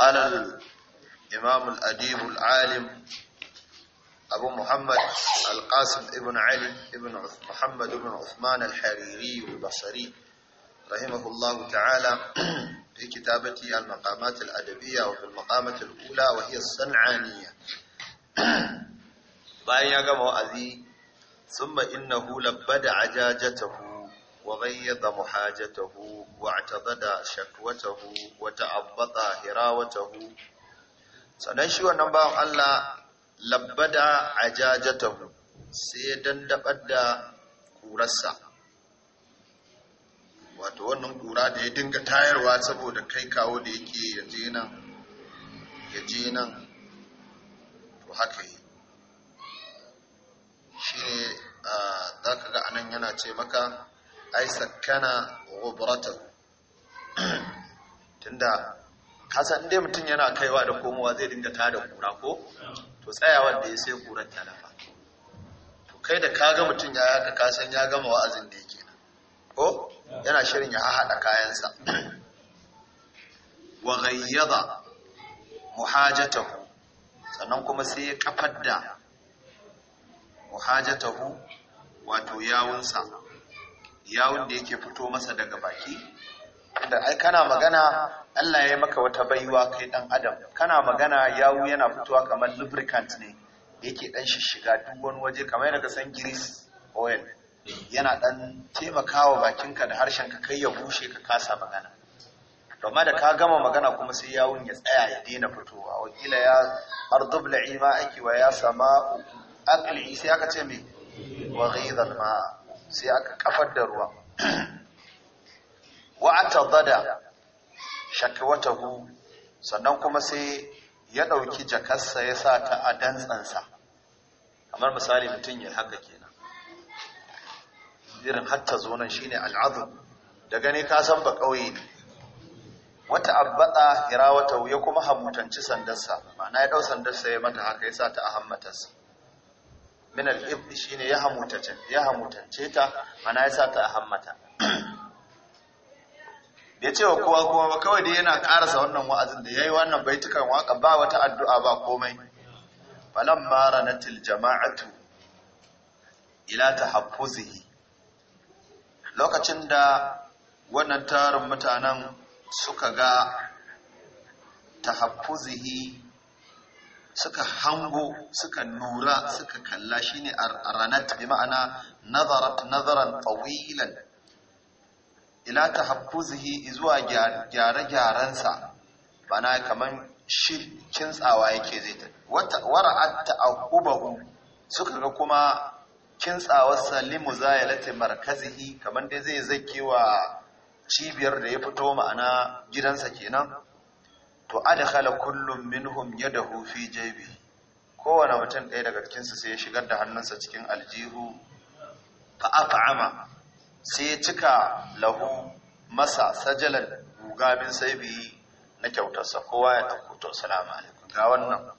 قال الإمام الأديب العالم أبو محمد القاسم ابن علي ابن محمد بن عثمان الحريري البصري رحمه الله تعالى في كتابته المقامات الأدبية وفي المقامة الأولى وهي الصنعانية بايا ya gama ثم إنه لبد عجاجته ajajatahu محاجته واعتضد شكوته وتعبط هراوته sannan shi wannan bawan Allah labbada ajajatahu sai dandabar da kurarsa wato wannan kura da ya dinga tayarwa saboda kai kawo da yake yaje nan yaje nan to haka yi shi ne ah, za ka ga anan yana ce maka ai sakkana ghubratahu tunda kasan dai mutum yana kaiwa da komowa zai dinga tada kura ko to tsayawar da ya sai kurar ta lafa to kai da kaga mutum ya haka kasan ya gama wa'azin da yake ko yana shirin ya haɗa kayansa wa ghayyada muhajatahu sannan kuma sai ya kafar da muhajatahu wato yawunsa yawun da yake fito masa daga baki Da ai kana magana Allah ya maka wata baiwa kai dan adam kana magana yawu yana fitowa kamar lubricant ne yake dan shishiga duk wani waje kamar yadda ka san grease oil yana dan taimakawa bakinka da harshen ka kai ya bushe ka kasa magana amma da ka gama magana kuma sai yawun ya tsaya ya daina fitowa wakila ya ardub la'ima aiki wa ya sama akli sai aka ce me wa ghidha ma sai aka kafar da ruwa wa wata shakwatahu sannan kuma sai ya ɗauki jakarsa ya sa ta a dantsansa kamar misali mutum ya haka kenan irin hatta zonan shine al'azab da gani ka san ba kauye ne wata abbada wata ya kuma hamutanci sandarsa ma'ana ya dau sandarsa ya mata haka ya sa ta a hammatarsa min al’ib shine ya hamutance ya hamutance ta ma'ana ya sa ta a hammata bai ce wa kowa kowa ba kawai da yana karasa wannan wa'azin da ya yi wannan baitukan waka ba wata addu'a ba komai mara na jama'atu ila tahaffuzihi lokacin da wannan tarin mutanen suka ga tahaffuzihi suka hango suka nura suka kalla shi ne a ranat bi ma'ana nazarar nazaran tawilan ila ta hakuzihi zuwa gyare-gyarensa bana kamar shi kintsawa yake zai tafi wara'at ta'aqubahu suka ga kuma kintsawarsa limu zayalati markazihi kamar dai zai zake wa cibiyar da ya fito ma'ana gidansa kenan to adakala kullum minhum da hufi jabi. kowane mutum ɗaya daga cikinsu sai ya shigar da hannunsa cikin aljihu fa sai ya cika lahu masa sajalan gugabin sai saibihi na kyautarsa kowa ya ɗauko to salamu alaikum ga wannan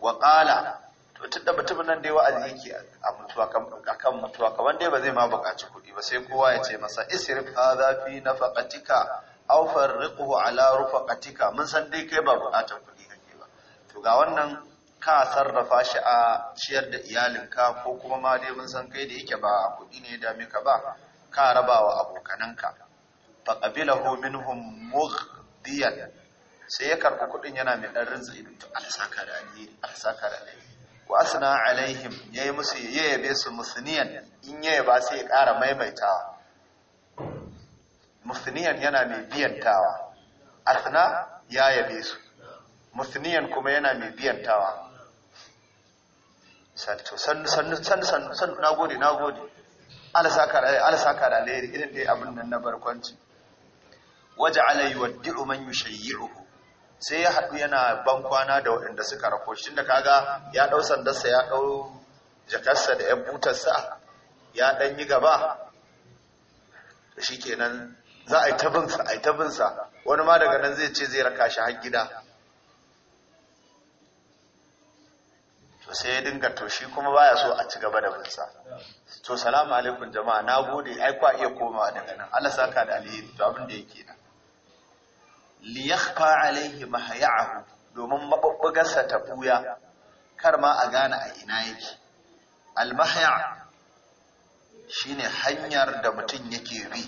wa qala to tunda mutumin nan da yawa yake a mutuwa kan akan mutuwa ka dai ba zai ma buƙaci kuɗi ba sai kowa ya ce masa isrif hadha fi nafaqatika aw farriquhu ala rufaqatika mun san dai kai ba buƙatar kuɗi kake ba to ga wannan ka sarrafa shi a ciyar da iyalinka ko kuma ma dai mun san kai da yake ba kuɗi ne ya dame ka ba ka raba wa abokananka fa qabilahu minhum mughdiyan sai ya karbi kudin yana mai dan rinsa idan to Allah saka da alheri Allah saka da alheri wa asna alaihim yayi musu yayabe su musniyan in ba sai ya kara maimaitawa musniyan yana mai biyantawa asna ya yabe su musniyan kuma yana mai biyantawa sannu sannu sannu sannu nagode nagode alasaka da alayhi irin dai abin nan na barkwanci waje alayhi waddi'u man yushayyi'uhu sai ya haɗu yana ban kwana da waɗanda suka rako shi da kaga ya ɗau sandarsa ya ɗau jakarsa da ‘yan butarsa ya ɗan yi gaba shi kenan za a yi tabinsa wani ma daga nan zai ce zai raka shi har gida sai ya dinga to shi kuma baya so a ci gaba da bin sa to salamu alaikum jama'a na gode ai kwa iya komawa daga nan Allah saka da alheri to abin da yake nan li yakhfa alaihi mahaya'ahu domin sa ta buya kar ma a gane a ina yake al mahya' shine hanyar da mutum yake bi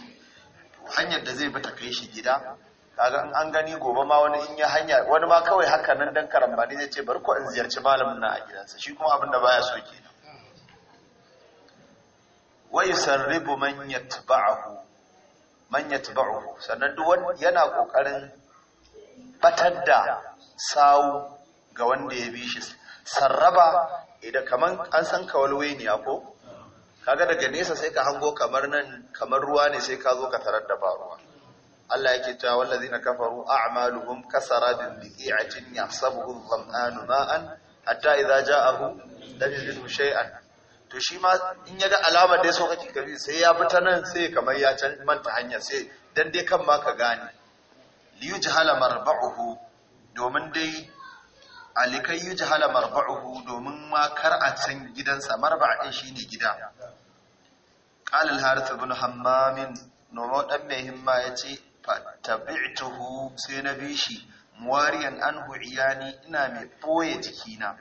hanyar da zai bi ta kai shi gida kaga in an gani gobe ma wani in ya hanya wani ma kawai haka nan dan karambani zai ce bari ko in ziyarci malamin na a gidansa shi kuma abin da baya so ke wa yusarribu man yatba'uhu man yatba'uhu sannan duk yana kokarin batar da sawu ga wanda ya bi shi sarraba idan kaman an san kawalwai ne ko kaga daga nesa sai ka hango kamar nan kamar ruwa ne sai ka zo ka tarar da ba ruwa Allah yake cewa wallazina kafaru a'maluhum kasarabin biqi'atin yahsabuhu dhamanu ma'an hatta idza ja'ahu lam shay'an to shi ma in ya ga alamar da so kake kabi sai ya fita nan sai kamar ya can manta hanya sai dan dai kan ma ka gane li yujhala marba'uhu domin dai alikai yujhala marba'uhu domin ma kar a san gidansa marba' din shine gida qala al harith ibn hammam nomo dan mai himma yace tuhu sai na bi shi muwariyan anhu iyani ina mai boye jikina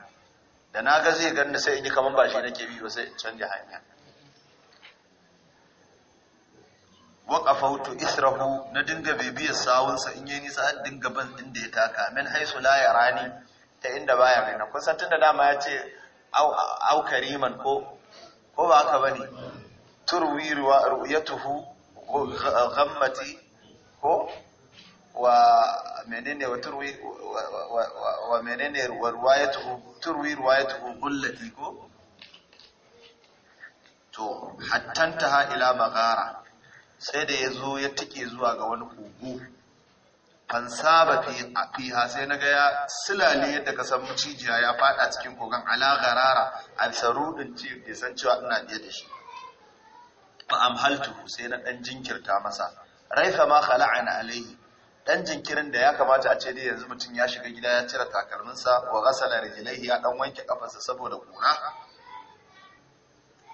da na ga zai ganni sai in yi kaman ba shi nake bi ba sai in canja hanya waqafautu israhu na dinga bibiyar sawunsa in yi nisa an dinga ban da ya taka min haisu la yarani ta inda baya raina kun san tunda dama ya ce au kariman ko ko ba haka bane turwi ru'yatuhu ghammati ko wa menene wa turwi wa menene turwi ruwayatuhu kullati ko to hattanta ha ila magara sai da ya zo ya tike zuwa ga wani kogo saba fi fiha sai na ga ya silale yadda ka san macijiya ya fada cikin kogon ala garara al sarudin ci bai san cewa ina biye da shi fa amhaltu sai na dan jinkirta masa raifa ma khala'ana alaihi dan jinkirin da ya kamata a ce dai yanzu mutum ya shiga gida ya cire takalminsa wa ghasala rijlaihi ya dan wanke kafarsa saboda kura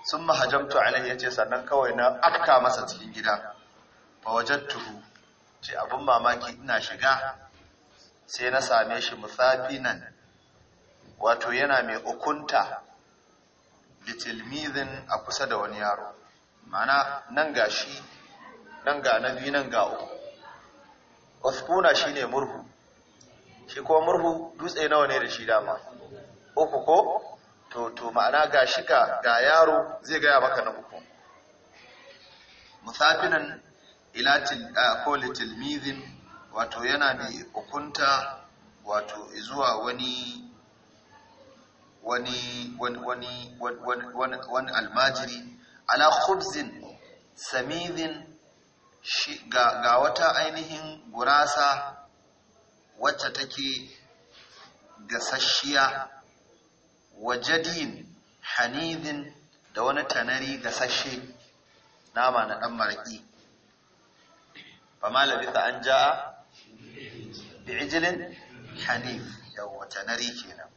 sun mahajamtu alaihi yace sannan kawai na afka masa cikin gida fa wajadtuhu ce abun mamaki ina shiga sai na same shi musafinan wato yana mai ukunta litilmizin a kusa da wani yaro Mana nan gashi nan ga na biyu nan ga uku wasfuna shine murhu shi ko murhu dutse nawa ne da shi dama uku ko to to ma'ana ga shika ga yaro zai gaya maka na uku musafinan ila ko litilmizin wato yana mai hukunta wato zuwa wani wani wani wani wani almajiri ala khubzin samidin ga wata ainihin gurasa wacce take gasasshiya wajadin hanidin da wani tanari gasashe nama na ɗan maraƙi ba ma labita an ja'a ijilin hanif yawwa tanari kenan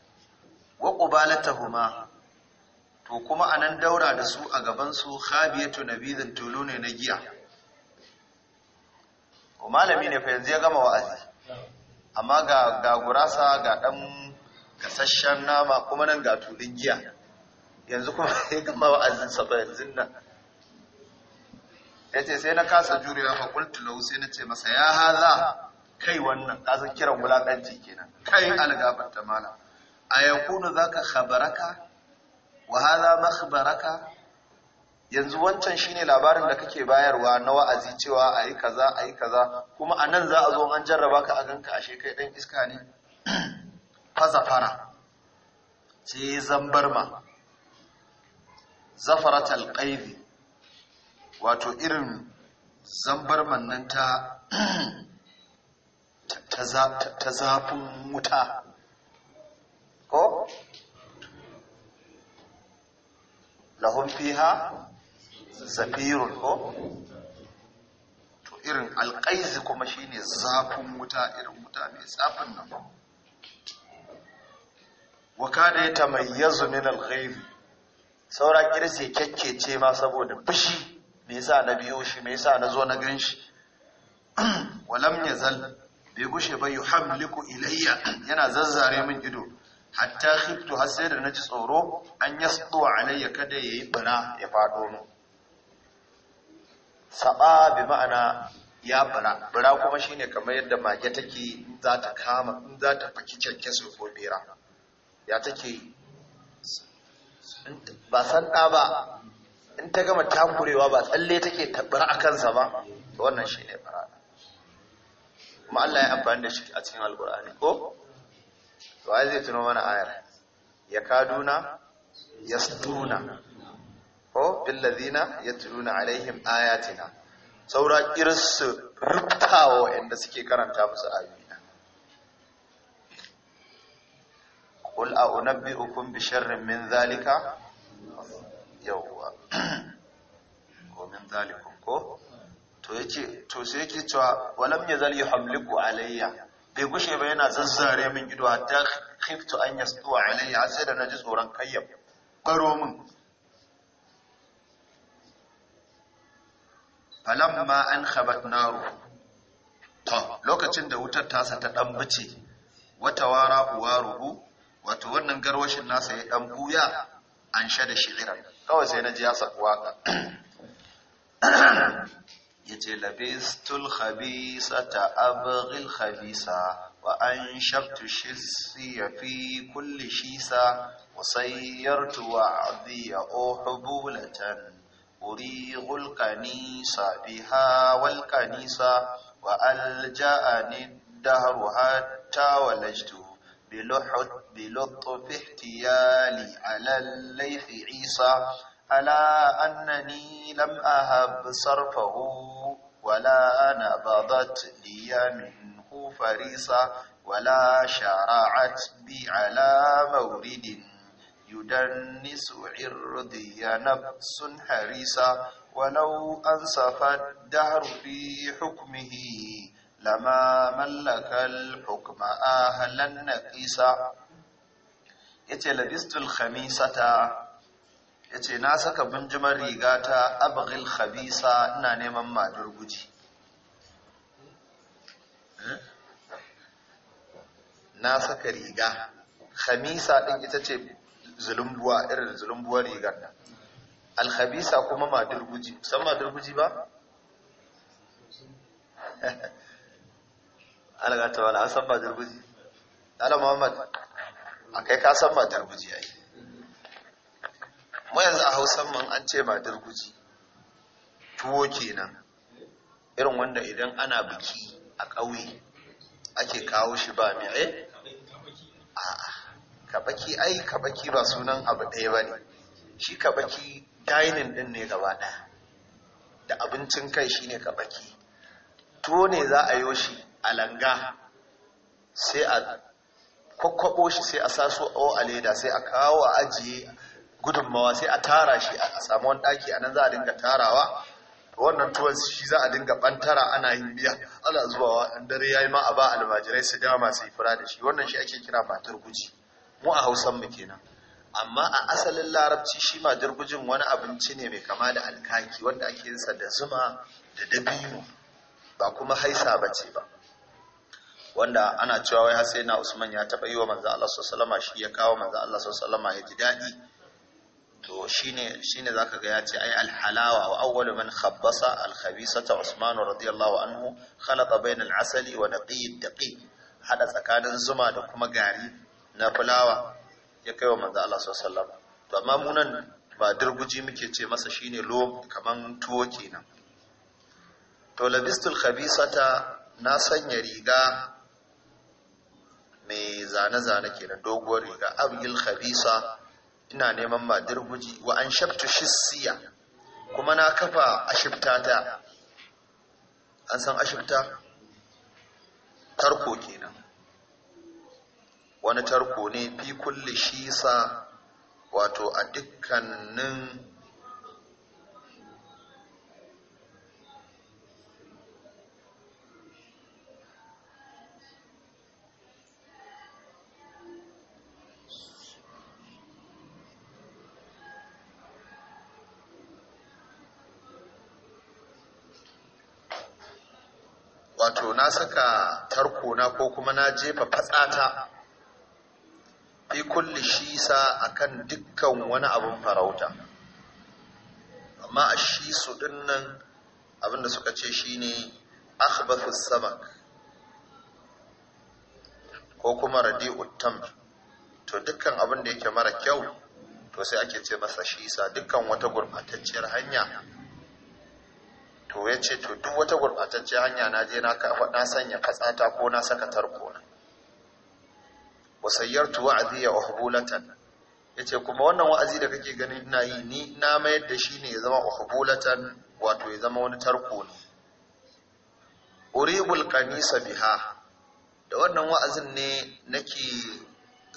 wa ƙubalatahuma to kuma anan daura da su a gabansu khabiyatu nabidin tulu ne na giya ko malami ne fa yanzu ya gama wa'azi amma ga ga gurasa ga dan kasashen nama kuma nan ga tudin giya yanzu kuma ya gama wa'azin sa fa yanzu nan yace sai na kasa jurewa fa kultu lahu sai na ce masa ya haza kai wannan kasan kiran wulakanci kenan kai algabar ta mala ayakunu zaka khabaraka wa hadha makhbaraka yanzu wancan shine labarin da kake bayarwa na wa'azi cewa ayi kaza ayi kaza kuma anan za a zo an jarraba ka a ganka ashe kai dan iska ne fazafara sai zambarma zafarat qaibi wato irin zambarman nan ta ta zafin wuta ko lahum fiha zafirun ko to irin alƙaizi kuma shine zafin wuta irin wuta mai tsafin nan wa ya tamayyazu min alghayb saura kirse kekkece ma saboda fushi me yasa na biyo shi me yasa na zo na gan shi walam yazal bai gushe ba yuhamliku ilayya yana zazzare min ido hatta khiftu har sai da tsoro an yasdu alayya kada yayi bara ya fado min saba bi ma'ana ya bara bara kuma shine kamar yadda mage take za ta kama in za ta faki canke su ko bera ya take ba san ɗa ba in ta gama takurewa ba tsalle take tabbara a kansa ba to wannan shine bara kuma Allah ya amfani da shi a cikin alkur'ani ko to ai zai tuno mana ayar ya kaduna yastuna ko billazina yatluna alaihim ayatina saura irsu rubtawo inda suke karanta musu ayoyina qul a unabbi'ukum bi sharrin min zalika yawwa ko min zalikum ko to yace to sai yake cewa walam yazal yuhamliku alayya bai gushe ba yana zazzare min ido hatta khiftu an yasqu alayya sai da naji tsoron kayyab karo min falamma an khabat naru to lokacin da wutar tasa ta dan bice wata wara uwaruhu wato wannan garwashin nasa ya dan buya an shada shi'iran kawai sai naji ya saku waka yace labistul khabisata abghil khabisa wa an shabtu shisiya fi kulli shisa wa sayyartu wa'diya uhbulatan أريغ الكنيسة بها والكنيسة وألجأني الدهر حتى ولجته بلطف احتيالي على الليث عيسى ألا أنني لم أهب صرفه ولا أنا بضت لي منه فريسة ولا شرعت بي على مورد يدنس عرضي نفس حريصا ولو أنصف الدهر في حكمه لما ملك الحكم أهلا نقيسا yace labistul khamisata yace na saka bunjumar rigata abghil khabisa ina neman madar na saka riga khamisa din ita ce zulumbuwa irin zulumbuwar rigar nan alhabisa kuma madurguji san madurguji ba algata wala an san madurguji ala muhammad akai ka san madurguji ai mu yanzu a hausan man an ce madurguji tuwo kenan irin wanda idan ana biki a ƙauye ake kawo shi ba mai a'a kabaki ai kabaki ba sunan abu ɗaya ba ne shi kabaki dainin ɗin ne gaba ɗaya da abincin kai shi ne kabaki tuwo ne za a yi shi a langa sai a kwakwabo shi sai a sa saso a leda sai a kawo a ajiye gudunmawa sai a tara shi a samu wani ɗaki a nan za a dinga tarawa wannan tuwon shi za a dinga bantara ana yin miya ala zuwa ɗan dare ya yi ma a ba almajirai su dama su yi fura da shi wannan shi ake kira matar guji mu a hausan mu kenan amma a asalin larabci shi ma dirbijin wani abinci ne mai kama da alkaki wanda ake sa da zuma da dabino ba kuma haisa ba ce ba wanda ana cewa wai har sai na Usman ya taba yi wa manzo Allah sallallahu shi ya kawo manzo Allah sallallahu ya ji daɗi to shine shine zaka ga ya ce ai alhalawa wa awwalu man khabbasa ta Usman radiyallahu anhu khalata bayna asali wa naqiy ad hada tsakanin zuma da kuma gari na fulawa ya kai wa manzo Allah sallallahu alaihi to amma mu nan ba dirguji muke ce masa shine lo kaman tuwo kenan to labistul khabisata na sanya riga mai zane-zane kenan doguwar riga abgil khabisa ina neman ma dirguji wa an shaftu shissiya kuma na kafa ashibta ta an san ashibta tarko kenan wani tarko ne fi kulli shisa wato a dukkanin wato na saka tarko na ko kuma na jefa fatsata fi kulli shisa akan dukkan wani abun farauta amma a shisu dinnan abinda suka ce shine akhbathus samak ko kuma radi'ut tamr to dukkan abin da yake mara kyau to sai ake ce masa shisa dukkan wata gurbatacciyar hanya to ya ce to duk wata gurbatacciyar hanya na je na sanya fatsata ko na saka tarko na wa sayyartu ya uhbulatan yace kuma wannan wa'azi da kake ganin ina yi ni na mayar da shi ne ya zama uhbulatan wato ya zama wani tarko ne uribul qanisa biha da wannan wa'azin ne nake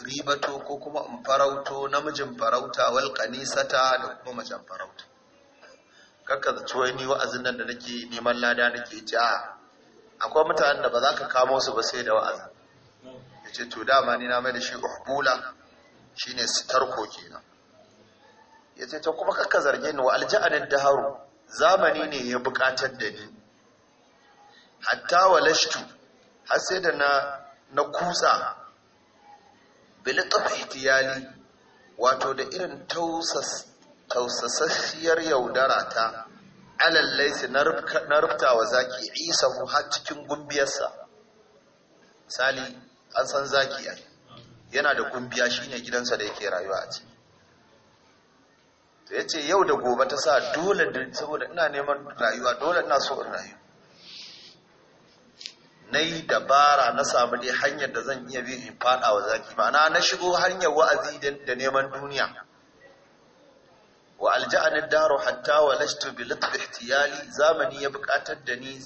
ribato ko kuma in farauto namijin farauta wal qanisata da kuma macen farauta kakka da cewa ni wa'azin nan da nake neman lada nake ji akwai mutanen da ba za ka kamo su ba sai da wa'azin ya ce to dama ni na mai da shi uhmula shine sitarko kenan ya ce ta kuma kakka zarge ni wa alja'anin daharu zamani ne ya bukatar da ni hatta walashtu har sai da na na kusa bilitaf ihtiyali wato da irin tausas tausasasshiyar yaudara ta alal su na rubta wa zaki isa mu har cikin gumbiyarsa misali an san zaki yana da kumbiya shine gidansa da yake rayuwa a ciki to yace yau da gobe ta sa dole saboda ina neman rayuwa dole ina so in rayu yi dabara na samu dai hanyar da zan iya bi in fada wa zaki ma'ana na shigo hanyar wa'azi da neman duniya wa alja'ani daru hatta wa lashtu bi latb ihtiyali zamani ya bukatar da ni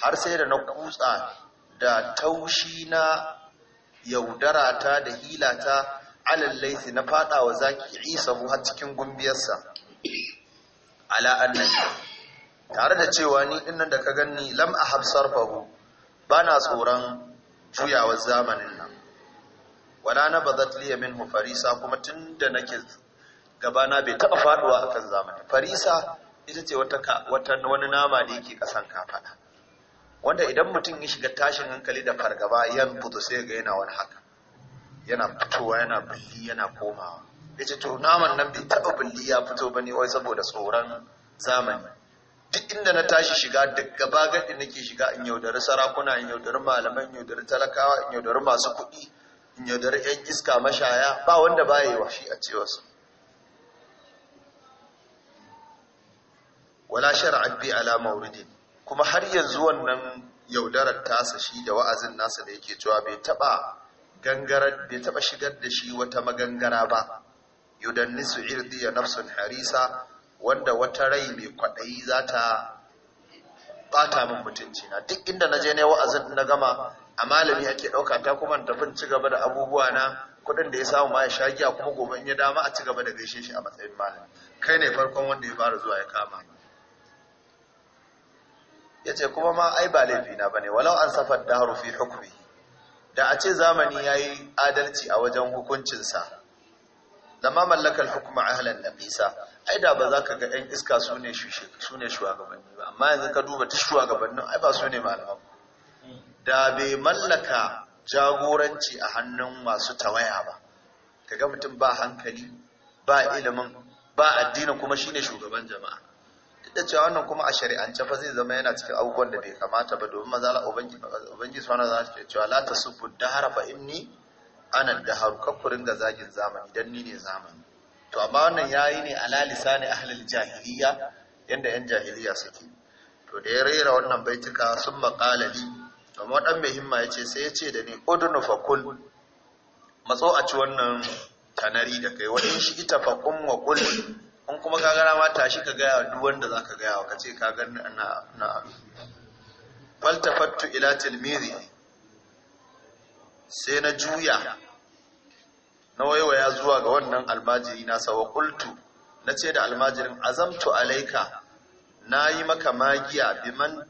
har sai da na kutsa da taushi na yaudara ta da hila ta alal laifi na fada wa zaki isa har cikin gumbiyarsa ala annabi tare da cewa ni nan da ka ganni lam ahab sarfahu bana tsoron juyawar zamanin nan wala na bazat liya minhu farisa kuma tunda nake gabana bai taba faduwa akan zamani farisa ita ce wata wani nama da yake kasan kafada wanda idan mutum ya shiga tashin hankali da fargaba yan fito sai ga yana wani haka yana fitowa yana bulli yana komawa ya ce to naman nan bai taɓa bulli ya fito ba ne wai saboda tsoron zamani duk inda na tashi shiga duk gaba gadi nake shiga in yaudari sarakuna in yaudari malaman in yaudari talakawa in yaudari masu kuɗi in yaudari yan iska mashaya ba wanda ba yi washi a cewarsu wala shar'at bi ala mauridin kuma har yanzu wannan yaudarar tasa shi da wa'azin nasa da yake cewa bai taba gangarar bai taba shigar da shi wata magangara ba yudannisu irdiya nafsun harisa wanda wata rai mai kwaɗayi za ta bata min mutunci na duk inda na je ne wa'azin na gama a malami ake ɗauka ta kuma tafi ci gaba da abubuwa na kuɗin da ya samu ma ya shagiya kuma gobe in ya dama a ci gaba da gaishe shi a matsayin malami kai ne farkon wanda ya fara zuwa ya kama Ya ce kuma ma ai ba laifi na bane walau an safar da harufi hukumi. da a ce zamani ya yi adalci a wajen hukuncin sa hukuma a halin da nisa ai da ba za ka ga yan iska su ne shugabanni ba amma yanzu ka duba ta shugabannin ai ba su ne malaman da bai mallaka jagoranci a hannun masu tawaya ba ga mutum ba hankali ba ilimin ba addini kuma shine shugaban jama'a da cewa wannan kuma a shari'ance fa zai zama yana cikin abubuwan da bai kamata ba domin maza Allah wani subhanahu wa ta'ala cewa la tasubbu dahara fa inni ana har kakkurin ga zagin zamani dan ni ne zamani to amma wannan yayi ne ala lisani ahlul jahiliya yanda yan jahiliya suke to da ya rera wannan baituka sun maqala to amma dan mai himma yace sai yace da ni udnu fa kul matso a ci wannan tanari da kai wani shi ita fa kun wa kul in kuma gagara ma tashi ka gaya wa duk wanda za ka gaya wa ka ce ka gani na na faltafattu ila tilmiri. sai na juya na waiwaya zuwa ga wannan almajiri na sawa kultu na ce da almajirin azamtu alaika na yi maka magiya biman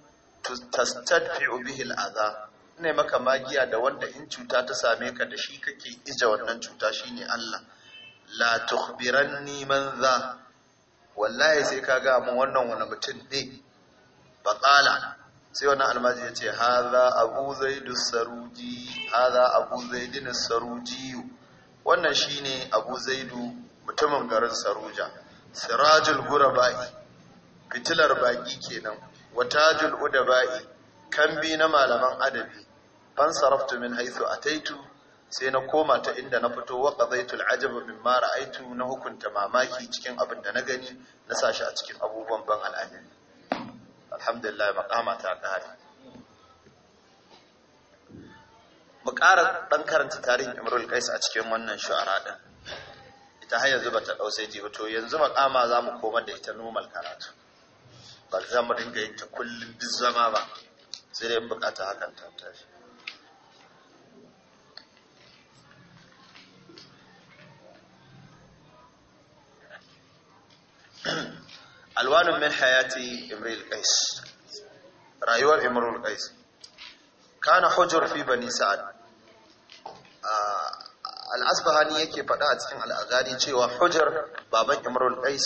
tastadfi'u bihi al'adha ne maka magiya da wanda in cuta ta same ka da shi kake ija wannan cuta shine Allah la tukhbiranni man za wallahi sai ka ga mun wannan wani mutum ne batsala sai wannan almaji ya ce haza abu saruji haza abu zaidin saruji wannan shine abu zaidu mutumin garin saruja sirajul bai fitilar baki kenan watajul udabai kambi na malaman adabi Ban saraftu min a taitu? sai na koma ta inda na fito wa qadaitul ajaba mimma ra'aitu na hukunta mamaki cikin abin da na gani na sashi a cikin abubuwan ban al'ajabi alhamdulillah maqama ta kare mu ƙara dan karanta tarihin imrul qais a cikin wannan shu'ara din ita hayya zuba bata dausai ji to yanzu maqama za mu koma da ita normal karatu ba za mu dinga yin ta kullum duk zama ba sai dai in bukata hakan ta tashi alwanun Man hayati imrul qais rayuwar imrul qais kana hujur fi bani sa'ad al-asbahani yake faɗa a cikin al-azari cewa hujur baban imrul qais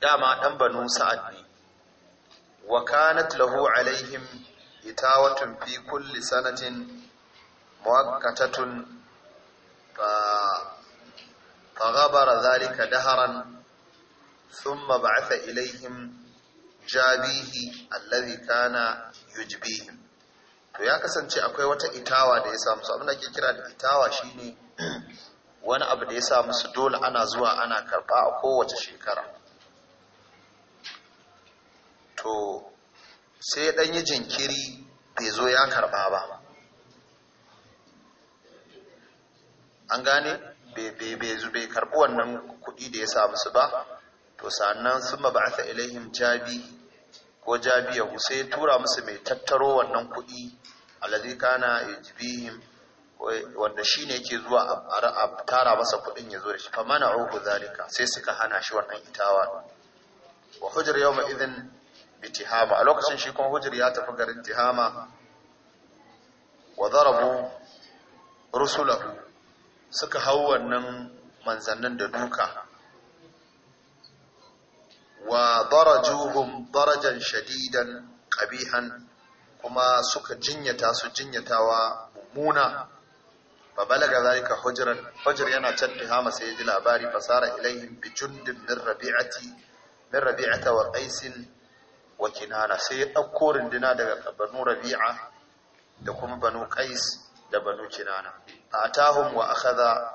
dama dan banu sa'ad ne wa kanat lahu alaihim itawatun fi kulli sanatin muwakkatatun fa فغبر ذلك دهرا ثم بعث ilaihim jabihi الذي kana yujbihim to ya kasance akwai wata itawa da ya samu abin da ke kira da itawa shine wani abu da ya sa musu dole ana zuwa ana karba a kowace shekara to sai ya yi jinkiri bai zo ya karba ba an gane bai karbi wannan kuɗi da ya sa musu ba to sannan sun ba'atha ilayhim jabi ko jabi ya sai tura musu mai tattaro wannan kuɗi alladhi kana yajbihim wanda shi ne yake zuwa a tara masa kuɗin ya zo da shi famana uku zalika sai suka hana shi wannan itawa wa hujjar yau ma izin a lokacin shi kuma hujjar ya tafi garin tihama wa zarabu rusulahu suka hau wannan manzannin da duka wa darajuhum darajan shadidan qabihan kuma suka jinyata su jinyatawa mummuna fa balaga zalika hujran hujr yana can tihama sai ji labari fasara ilaihim bi jundin min rabi'ati min rabi'ata wa qaisin wa kinana sai ya dauko runduna daga banu rabi'a da kuma banu qais da banu kinana atahum wa akhadha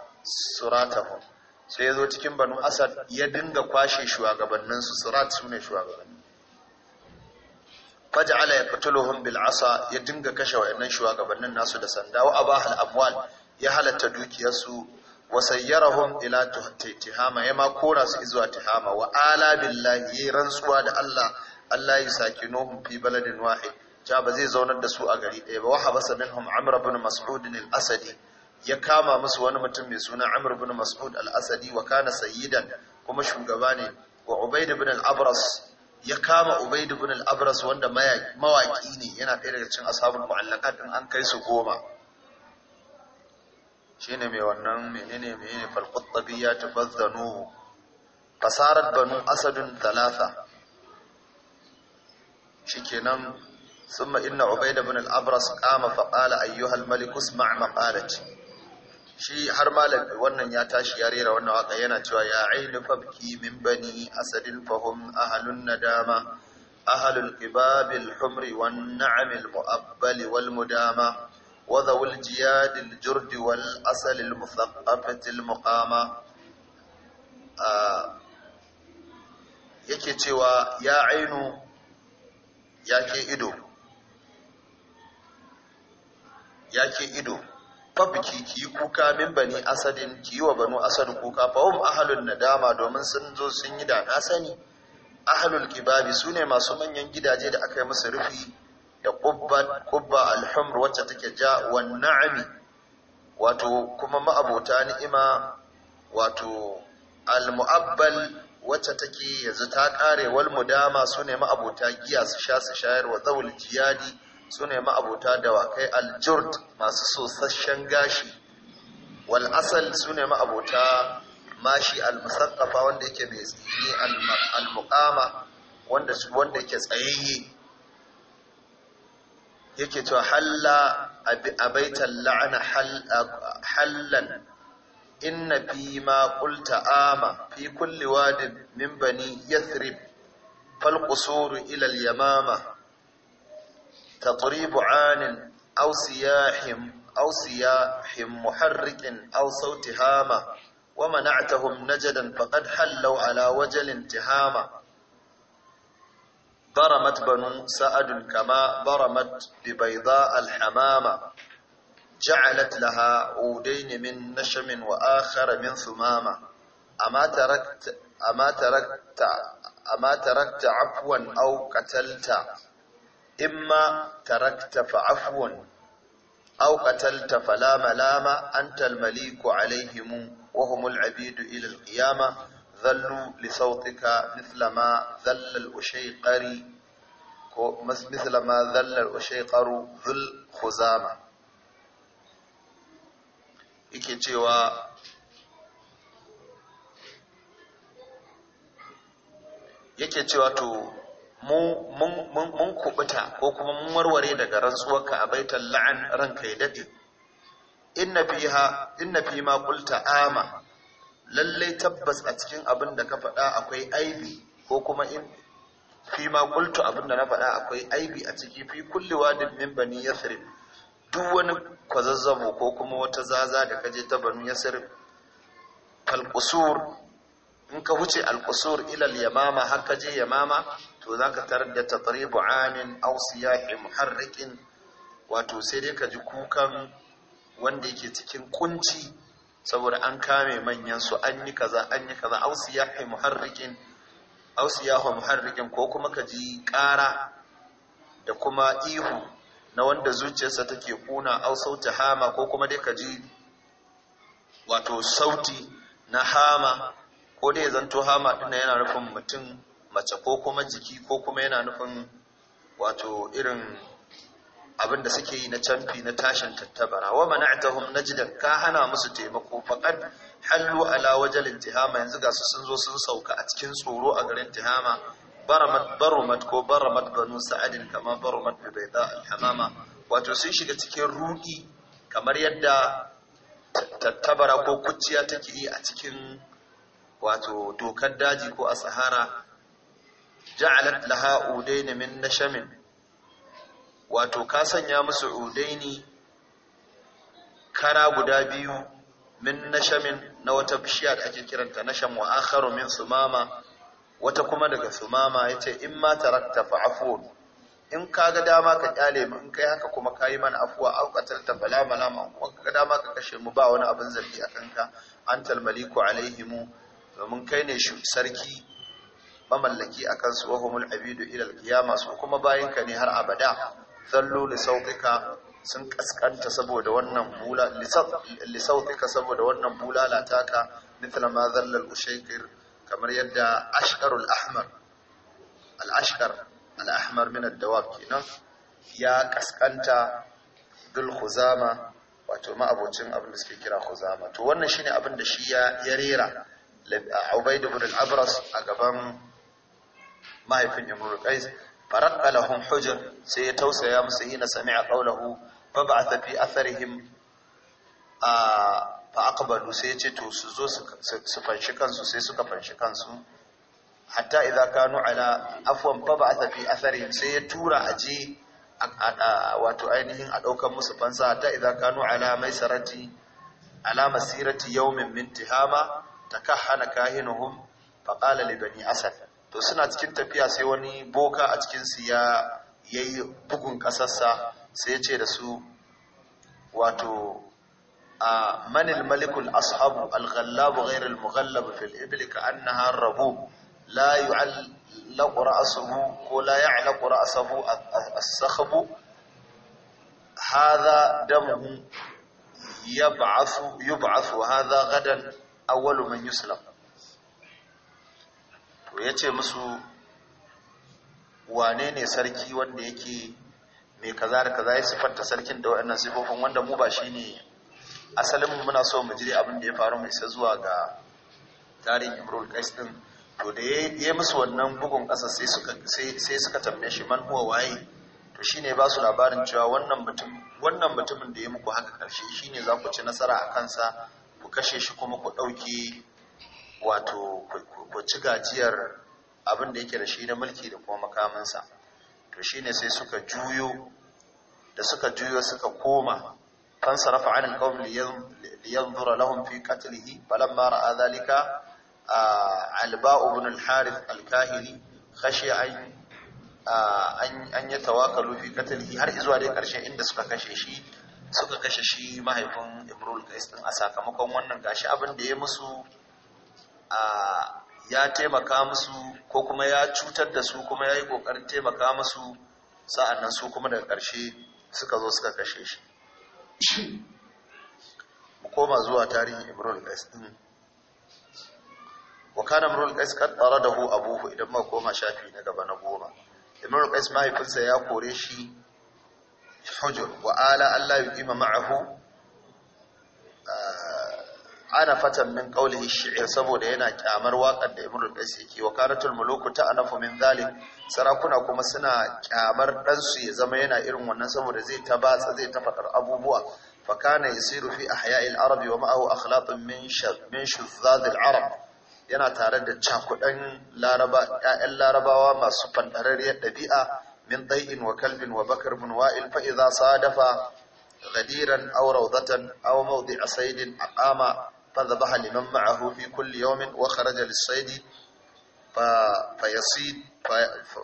suratahum sai ya zo cikin banu asad ya dinga kwashe shugabanninsu sirat su ne shugabanni ya yaqtuluhum bil asa ya dinga kashe wayannan shugabannin nasu da sanda wa abah amwal ya halatta dukiyarsu wa sayyarahum ila tihama ya ma kora su zuwa tihama wa ala billahi rantsuwa da Allah Allah ya sakinuhum fi baladin wahid ja ba zai zaunar da su a gari ɗaya ba wa habasa minhum amr ibn mas'ud al asadi ya kama musu wani mutum mai suna Amur bin Mas'ud al-Asadi wa kana sayyidan kuma shugaba ne wa Ubayd bin al-Abras ya kama Ubayd bin al-Abras wanda mawaki ne yana ɗaya daga cin ashabul mu'allaqat din an kai su goma Shi ne mai wannan menene menene fal quttabiya tabazzanu fasarat banu asadun Talata. thalatha shikenan ثم إن عبيد بن الأبرص قام فقال أيها الملك اسمع مقالتي shi har malam wannan ya tashi ya rera wannan waka yana cewa ya ainu fabki min bani asadin fahum ahalun nadama ahalul qibabil humri wan na'amil mu'abbali wal mudama wa dhawul jiyadil jurdi wal asalil muthaqqafatil muqama yake cewa ya ainu yake ido yake ido fabki ki yi kuka min bani asadin ki yi wa banu asad kuka fa hum ahlun nadama domin sun zo sun yi da na sani ahlul kibabi sune masu manyan gidaje da aka yi musu rufi da kubba kubba alhumr wacce take ja wa na'ami wato kuma ma'abota ni'ima wato almu'abbal wacce take yanzu ta kare wal mudama sune ne ma'abota giya su sha su shayar wa zawul jiyadi su ne ma'abuta dawakai aljurd masu sosasshen gashi wal asal su ne ma'abuta mashi almusakkafa wanda yake mai tsini almukama wanda wanda yake tsayayye yake cewa halla abaitan la'ana hallan inna fi ma qulta ama fi kulli wadin min bani yathrib fal qusuru ila al yamama تطريب عان أو سياح أو سياح محرك أو صوت هامة ومنعتهم نجدا فقد حلوا على وجل انتهامة برمت بنو سعد كما برمت ببيضاء الحمامة جعلت لها عودين من نشم وآخر من ثمامة أما تركت أما تركت أما تركت عفوا أو قتلت imma tarakta fa afwan aw qatalta fala malama anta almaliku alaihim wa humul abidu ila alqiyama dhallu li sawtika mithla ma dhalla alushayqari ko mithla ma dhalla alushayqaru dhul khuzama yake cewa yake cewa to mun kubuta ko kuma mun warware daga rantsuwarka a baitan la'an ranka ya dade inna fiha inna fi ma qulta ama lalle tabbas a cikin abin da ka faɗa akwai aibi ko kuma in fi ma qultu abin da na faɗa akwai aibi a ciki fi kulli wadin min bani yasrib duk wani kwazazzabo ko kuma wata zaza da kaje ta bani yasrib kal qusur in ka huce al qusur ila al yamama har ka je yamama to za ka tarar da tatribu amin ya muharrikin wato sai dai ka ji kukan wanda yake cikin kunci saboda an kame manyan su an yi kaza an yi kaza aw muharrikin muharrikin ko kuma ka ji ƙara da kuma ihu na wanda zuciyarsa take kuna aw sauti hama ko kuma dai ka ji wato sauti na hama ko dai zanto hama ɗin yana rufin mutum mace ko kuma jiki ko kuma yana nufin wato irin abin da suke yi na canfi na tashin tattabara wa mana'tahum najdan ka hana musu taimako faqad hallu ala wajal intihama yanzu ga su sun zo sun sauka a cikin tsoro a garin intihama baramat barumat ko baramat banu sa'adin kama barumat bi bayda al-hamama wato sun shiga cikin ruɗi kamar yadda tattabara ko kuciya take yi a cikin wato dokar daji ko a sahara ja'alat laha udaini min nashamin wato ka sanya musu udaini kara guda biyu min nashamin na wata bishiya da ake kiranta nasham wa akharu min sumama wata kuma daga sumama yace in ma tarakta fa afun in kaga dama ka kyale mu in kai haka kuma kayi mana afuwa au qatalta fala malama kuma kaga dama ka kashe mu ba wani abin zargi a kanka antal maliku alaihimu domin kai ne sarki mamallaki a kansu wa humul abidu ilal kiyama su kuma bayanka ne har abada zallu li sautika sun kaskanta saboda wannan bula li sautika saboda wannan bulala taka mithla ma zalla al ushaykir kamar yadda ashqarul ahmar al ashqar al ahmar min ad dawab kenan ya kaskanta dul khuzama wato ma abocin abin da suke kira khuzama to wannan shine abin da shi ya rera Ubaid ibn al-Abras a gaban mahaifin imru qais faraqqa lahum sai ya tausaya musu hina sami'a qawlahu fa ba'atha fi ba a fa aqbalu sai ya ce to su zo su fanshi kansu sai suka fanshi kansu hatta idza kanu ala ba fa ba'atha fi atharihim sai ya tura aje wato ainihin a ɗaukar musu fansa hatta idan kanu ala maisarati ala masirati yau min tihama takahhana kahinuhum fa qala li bani asad to suna cikin tafiya sai wani boka a cikinsu ya yi bugun ƙasarsa sai ya ce da su wato a manil malikul ashabu alghallabu ghairul mughallab fil ibli ka annaha rabu la yu'allaqu ra'suhu ko la ya'laqu ra'suhu as-sakhbu hadha damuhu yub'athu yub'athu hadha gadan awwalu man yuslam to ya ce musu wane ne sarki wanda yake mai kaza da kaza ya siffanta sarkin da waɗannan sifofin wanda mu ba shi ne asalin muna so mu jire abin da ya faru mai sai zuwa ga tarihin imrul kaistin din to da ya yi musu wannan bugun ƙasa sai suka tambaye shi man huwa waye to shine ba su labarin cewa wannan mutumin da ya muku haka karshe ne za ku ci nasara a kansa ku kashe shi kuma ku ɗauki wato ku ci gajiyar abin da yake da shi na mulki da kuma makamansa to shine sai suka juyo da suka juyo suka koma fansarafa anil qawm zura lahum fi qatlihi balan ra'a dhalika alba'u ibn al-harith al-kahili khashiya an an tawakalu fi qatlihi har zuwa dai karshe inda suka kashe shi suka kashe shi mahaifin imrul qais din a sakamakon wannan gashi abin da ya musu ya taimaka musu ko kuma ya cutar da su kuma ya yi ƙoƙarin taimaka musu sa'annan su kuma daga ƙarshe suka zo suka kashe shi mu koma zuwa tarihin imrul qais din wa kana imrul qais kad taradahu abuhu idan ma koma shafi na gaba na goma imrul qais mahaifinsa ya kore shi hujur wa ala Allah yuqima ma'ahu fatan min qawlihi shi'r saboda yana kyamar waƙar da Ibn Qais yake wa karatul muluku ta'anafu min zalik sarakuna kuma suna kyamar dan su ya zama yana irin wannan saboda zai ta batsa zai ta fadar abubuwa fa kana yasiru fi ahya'il arabi wa ma'ahu akhlatun min shab min shuzzad al-arab yana tare da cakudan laraba ƴaƴan larabawa masu fandarariyar ɗabi'a min dai'in wa kalbin wa bakar bin wa'il fa idza sadafa غديرا أو روضة أو موضع صيد أقام فذبح لمن معه في كل يوم وخرج للصيد ف... فيصيد ف...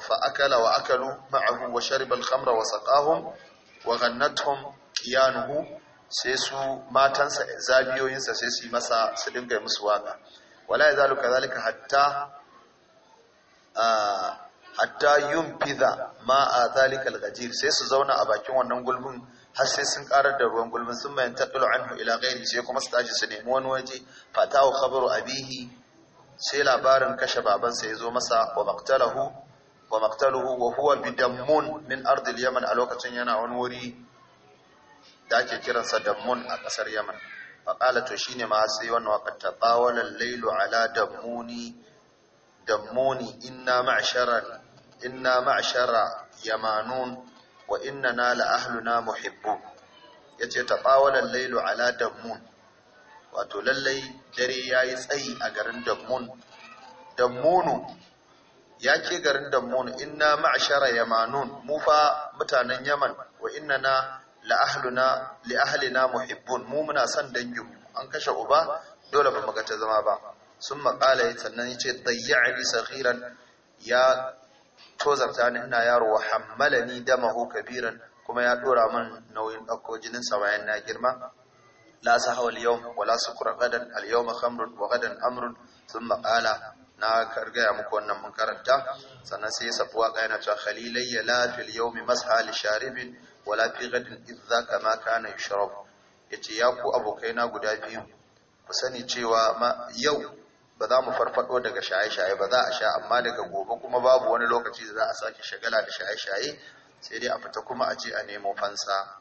فأكل وأكلوا معه وشرب الخمر وسقاهم وغنتهم كيانه سيسو ما تنسى زابيو ينسى سيسي مسا سدنك مسوانا ولا يزال كذلك حتى آه حتى ينفذ ما ذلك الغدير سيسو زونا أباكي وننقل من har sai sun karar da ruwan gulbin sun mayan taɗulu anhu ila gairi sai kuma su tashi su nemi wani waje fatahu khabaru abihi sai labarin kashe babansa ya zo masa wa maktalahu wa maktaluhu wa huwa bidammun min ardil yaman a lokacin yana wani wuri da ake kiransa dammun a ƙasar yaman faƙala to shine ma sai wannan waƙar ta tsawalar lailu ala dammuni dammuni inna ma'ashara inna ma'ashara yamanun wa innana la ahluna muhibbu yace taqawala al-lailu ala dammun wato lallai dare yayi tsayi a garin dammun dammunu ke garin dammunu inna maashara yamanun mu mutanen yaman wa innana la ahluna li ahlina muhibbun mu muna son dangin an kashe uba dole ba ga ta zama ba sun maƙala sannan ya ce dayya'ani sakhiran ya tozarta ni ina yaro wa hammalani damahu kabiran kuma ya dora min nauyin ɗauko jinin sa bayan na girma la sahawal yawm wa la sukra gadan al yawma khamrun wa gadan amrun thumma qala na kargaya muku wannan mun karanta sannan sai safuwa ga yana cewa khalilayya la fil yawmi masha li sharibin wa la fi gadin idza kama kana yashrab yace ya ku abokaina guda biyu ku sani cewa yau ba za mu farfado daga shaye-shaye ba za a sha amma daga gobe kuma babu wani lokaci da za a sake shagala da shaye-shaye sai dai a fita kuma a je a nemo fansa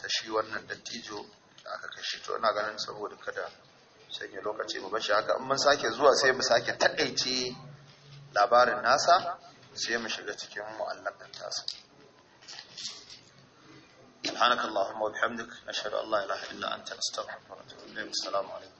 ta shi wannan dattijo da aka kashe to ina ganin saboda kada sanya lokaci mu bashi haka in mun sake zuwa sai mu sake taƙaice labarin nasa sai mu shiga cikin mu'allakan tasa سبحانك اللهم وبحمدك نشهد ان لا اله الا انت نستغفرك ونتوب اليك السلام عليكم